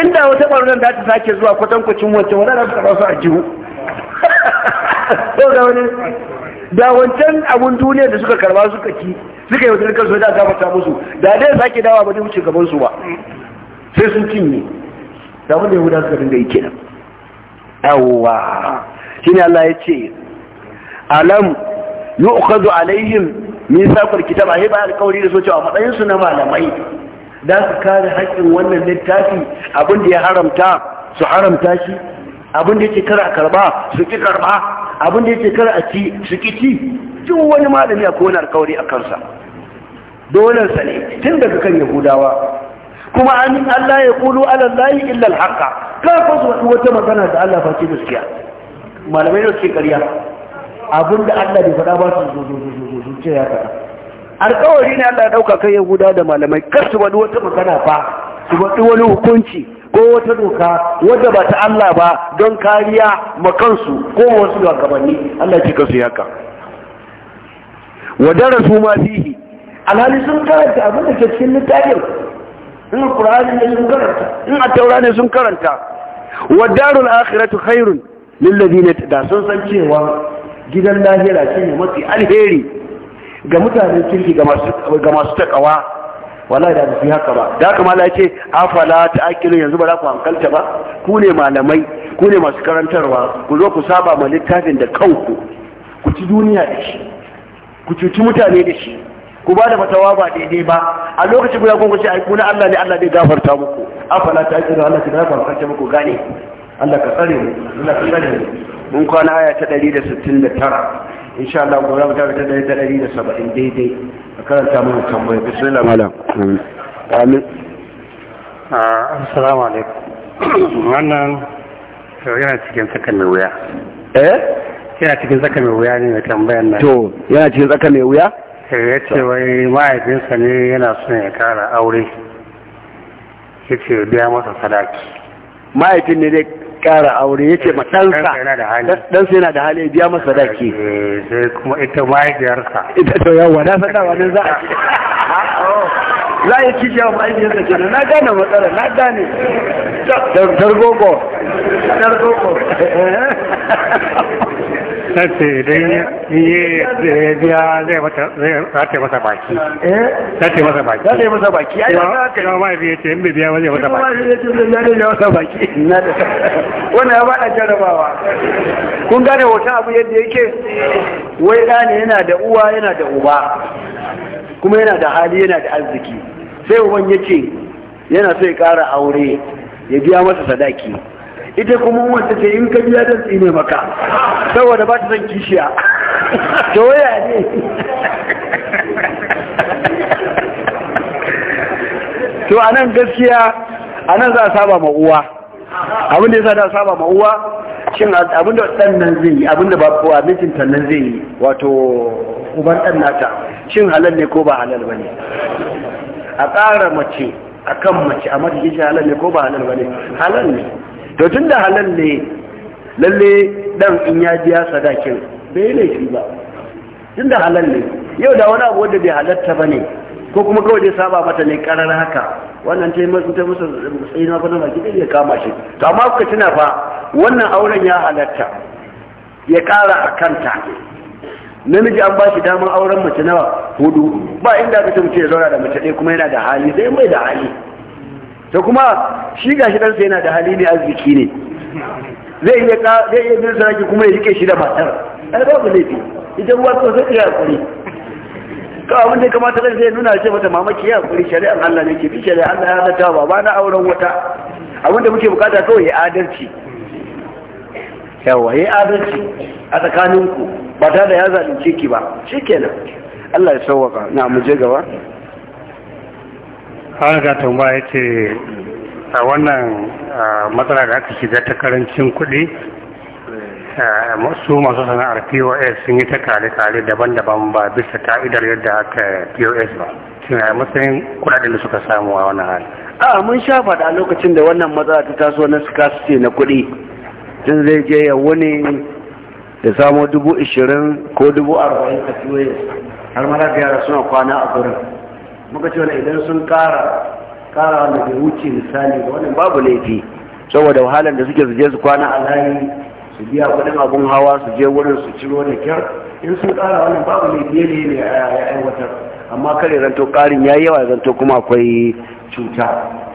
inda wata barnan da ta sake zuwa kwatankwacin wancan wanda za su karɓa a jihu da wancan abun duniya da suka karba suka ki, suka yi wajen kansu da gafata musu da dai sake dawa ba zai wuce gabansu ba sai sun cinye da wanda ya wuda suka dinga yi kenan yawwa ne Allah ya ce alam yu'khadhu alaihim misaqul kitaba he ba alƙawari da so cewa matsayin su na malamai da su kare haƙƙin wannan littafi abin da ya haramta su haramta shi abin da yake kar a karba su ki karba abin da yake kar a ci su ki ci duk wani malami a kowane alƙawari a kansa dole sa ne tun daga kan yahudawa kuma an Allah ya kulu ala lahi illa alhaqa kafin su wata magana da Allah face gaskiya malamai ne suke ƙarya abin da Allah bai faɗa ba su zo zo zo ce ya faɗa alƙawari ne Allah ya ɗauka kan yahuda da malamai kar su wani wata magana fa su wani wani hukunci ko wata doka wadda ba ta Allah ba don kariya ma kansu ko wasu gabanni Allah ce kansu yaka wa darasu ma fihi alhali sun karanta abin da ke cikin littafin in qur'ani ne sun karanta in at-taura ne sun karanta wa darul akhiratu khairun lil ladina da sun san cewa gidan lahira shine mafi alheri ga mutanen kirki ga masu takawa Wala da su haka ba da kuma la ce afala ta akilu yanzu ba za ku hankalta ba ku ne malamai ku ne masu karantarwa ku zo ku saba ma littafin da kanku ku ci duniya da shi ku cuci mutane da shi ku ba da fatawa ba daidai ba a lokacin guda kun ce ai kuna Allah ne Allah zai gafarta muku afala ta akilu Allah zai gafarta muku gane Allah ka tsare mu Allah ka tsare mu mun kwana aya ta 169 insha Allah gobe mu tafi da ta 170 daidai a karanta mu tambaya bismillah malam amin ah, assalamu alaikum wannan yana cikin saka mai wuya eh yana cikin saka mai wuya ne mai tambayar nan to yana cikin saka mai wuya eh, ya ce wai mahaifinsa ne yana son ya kara aure ya ce biya masa sadaki mahaifin ne dai kara aure yake ma eh, ɗansa ɗansa yana da hali biya masa eh, daki sai kuma ita mahaifiyarsa ita to yawa na san dawa za a za a yi kishi yawa mahaifiyarsa ke na gane matsala na gane dargogo dargogo eh. tace dai ya biya zai mata masa baki eh? tace masa baki tace masa baki ai ba ka ma biya ce in biya ba zai masa baki ya ce na da masa baki na da wannan ya bada jarabawa kun gane hoton abu yadda yake wai ɗani yana da uwa yana da uba kuma yana da hali yana da arziki sai uban yace yana so ya ƙara aure ya biya masa sadaki ita kuma wanda ce in ka biya dan tsine maka saboda ba ta son kishiya to ya ne to anan gaskiya anan za a saba ma uwa abin da yasa da saba ma uwa shin abin da dan nan zai yi abin da ba ko abincin tan nan zai yi wato uban dan nata shin halal ne ko ba halal bane a tsara mace akan mace a mace gishi halal ne ko ba halal bane halal ne to tun da halal ne lalle dan in ya biya sadakin bai laifi ba tun da halal ne yau da wani abu wanda bai halatta ba ne ko kuma kawai dai saba mata ne karar haka wannan ta yi masu ta musu tsayi na fana baki ɗaya kama shi to amma kuka tuna fa wannan auren ya halatta ya ƙara a kanta namiji an ba shi daman auren mace nawa hudu ba inda mutum ce ya zauna da mace ɗaya kuma yana da hali sai mai da hali to kuma shi gashi ɗansa yana da hali ne arziki ne zai iya zai iya bin sarki kuma ya rike shi da matar ai babu laifi ita ruwa ko sai ya hakuri ka abin da kamata zai zai nuna ce mata mamaki ya hakuri shari'an Allah ne ke bi shari'an Allah ya halatta ba ba na auren wata abin da muke bukata kawai ya adalci yawa ya adalci a tsakaninku ba tare da ya zalunce ki ba shikenan Allah ya sauwaka na mu je gaba ga tamba ya ce a wannan matsala da aka shiga ta karancin kuɗi su masu sana'ar pos sun yi ta kare-kare daban-daban ba bisa ka'idar yadda aka pos ba suna matsayin kuɗaɗen da suka samu a wannan hali a mun sha faɗa a lokacin da wannan matsala ta taso na scarcity na kuɗi tun zai je ya wuni da samo dubu ishirin ko dubu arba'in a har mara biyar suna kwana a gurin muka ce wani idan sun kara kara wanda ke wuce misali ga wani babu laifi saboda wahalar da suke suje su kwana a layi su biya kuɗin abun hawa su je wurin su ciro da kyar in sun kara wani babu laifi ne ne ya aiwatar amma kare zanto karin ya yawa zanto kuma akwai cuta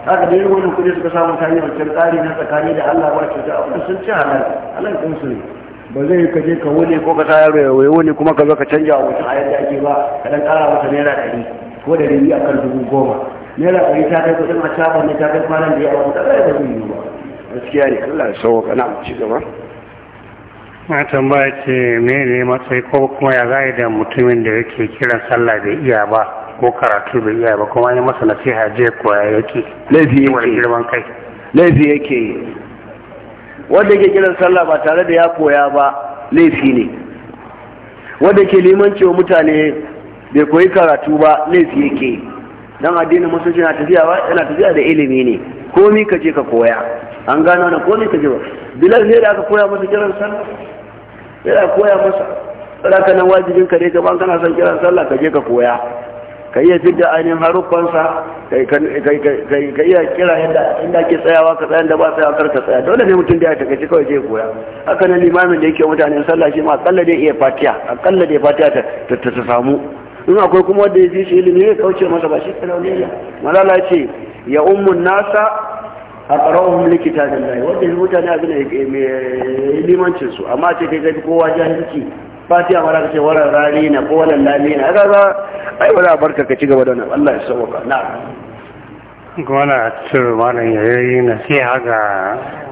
haka da yin wani kuɗi suka samu ta hanyar wancan tsari na tsakani da allah ba cuta abin sun ci halar halal su ne ba zai ka je ka wuni ko ka sa yaro ya wuni kuma ka zo ka canja wa mutum a yadda ake ba ka dan kara masa naira ɗari ko da dari akan dubu goma naira ɗari ta kai kuɗin a shafa ne ta kai kwanan da ya wata ɗaya da zai yi ba gaskiya ne Allah ya sauwa kana mu ci gaba na tambaya ce me ne matsayi ko kuma ya zai da mutumin da yake kiran sallah bai iya ba ko karatu bai iya ba kuma ya masa nasiha je koya yake laifi yake kai laifi yake wanda yake kiran sallah ba tare da ya koya ba laifi ne wanda ke limanci wa mutane bai koyi karatu ba laifi yake dan addinin musulunci na tafiya ba yana tafiya da ilimi ne komi ka je ka koya an gano na komi ka je ba bilal sai da aka koya masa kiran sallah sai da koya masa saboda nan wajibin ka ne ban kana son kiran sallah ka je ka koya ka iya fidda ainihin haruffansa ka iya kira inda ke tsayawa ka tsaya da ba tsaya kar ka tsaya dole ne mutum da ya takaici kawai je koya haka nan limamin da yake mutane sallah shi ma akalla dai iya fatiya akalla dai fatiya ta samu in akwai kuma wanda ya fi shi ilimi ya kauce masa ba shi kalauniya malala ce ya ummun nasa a ƙararrun likita da lai wanda ya mutane abin da mai limancin su amma ce kai gafi kowa jahilci fatiya mara ka ce waran rani na ko waran lami na ga za ai yi wani barka ka ci gaba da wannan allah ya sauwaka na gwana turu malam ya yi nasiha ga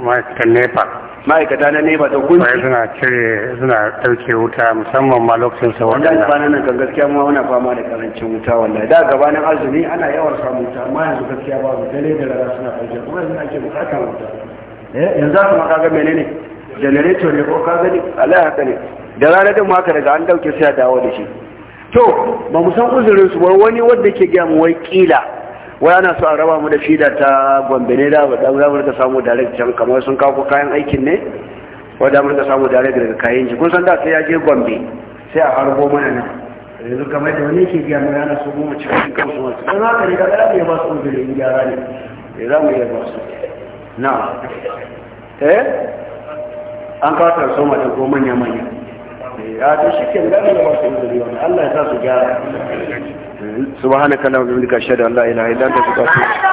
ma'aikatan nepa ma'aikata na nefa ta kunci ba suna cire suna ɗauke wuta musamman ma lokacin sa wanda da fana nan kan gaskiya ma muna fama da karancin wuta wallahi da gabanin azumi ana yawan samun wuta amma yanzu gaskiya ba su dare da rana suna ɗauke kuma yanzu ake bukatar wuta eh, yanzu aka ma kaga menene generator ne ko ka gani alai haka ne da rana din ma aka daga an dauke sai a dawo da shi to ba mu san uzurin su wani wanda ke gaya mu wai kila wai ana so a raba mu da shida ta gombe ne da wadda mu da samu direct can kamar sun kawo kayan aikin ne wadda mu da samu direct daga kayan ji kun san da sai ya je gombe sai a harbo mana nan yanzu kamar da wani ke biya mu yana so mu ci kansu wasu don haka ne kaga ya ba su in gyara ne da za mu iya ba su na eh an kawo tarso mata ko manya-manya a to shi ke da ne masu izini wani Allah ya sa su gyara subhanaka allahumma wa bihamdika ashhadu an la ilaha illa anta astaghfiruka